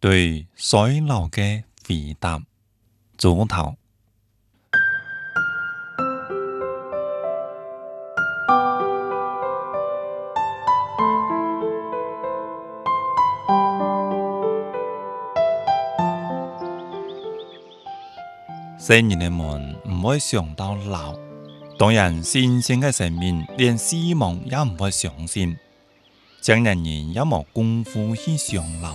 對衰老嘅回答。早唞，細年人們唔會上到樓，當然新鮮嘅生命連希望也唔會上線，成年人有冇功夫去上樓？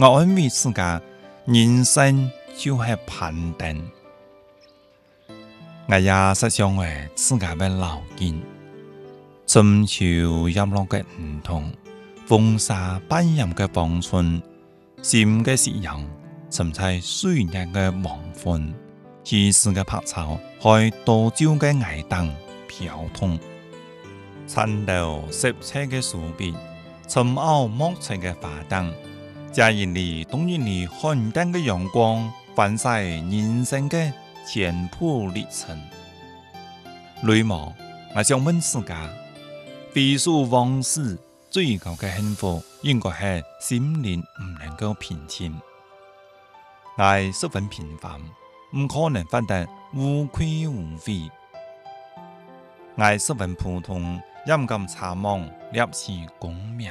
我安慰自噶，人生就是攀登。我也是想為自噶嘅老根，深秋陰落嘅梧桐，風沙奔揚嘅荒村，閃嘅夕陽，沉在歲月嘅黃昏，依時嘅白草，開多蕉嘅矮燈，飄動，殘留色彩嘅樹皮，沉埃莫測嘅花燈。家人裏，冬日裏，寒燈嘅陽光，反射人生嘅全部歷程。內望，我想問自家，回溯往事，最高嘅幸福，應該係心靈唔能夠平靜。愛十分平凡，唔可能獲得無愧無悔。愛十分普通，也不敢奢望獵取功名。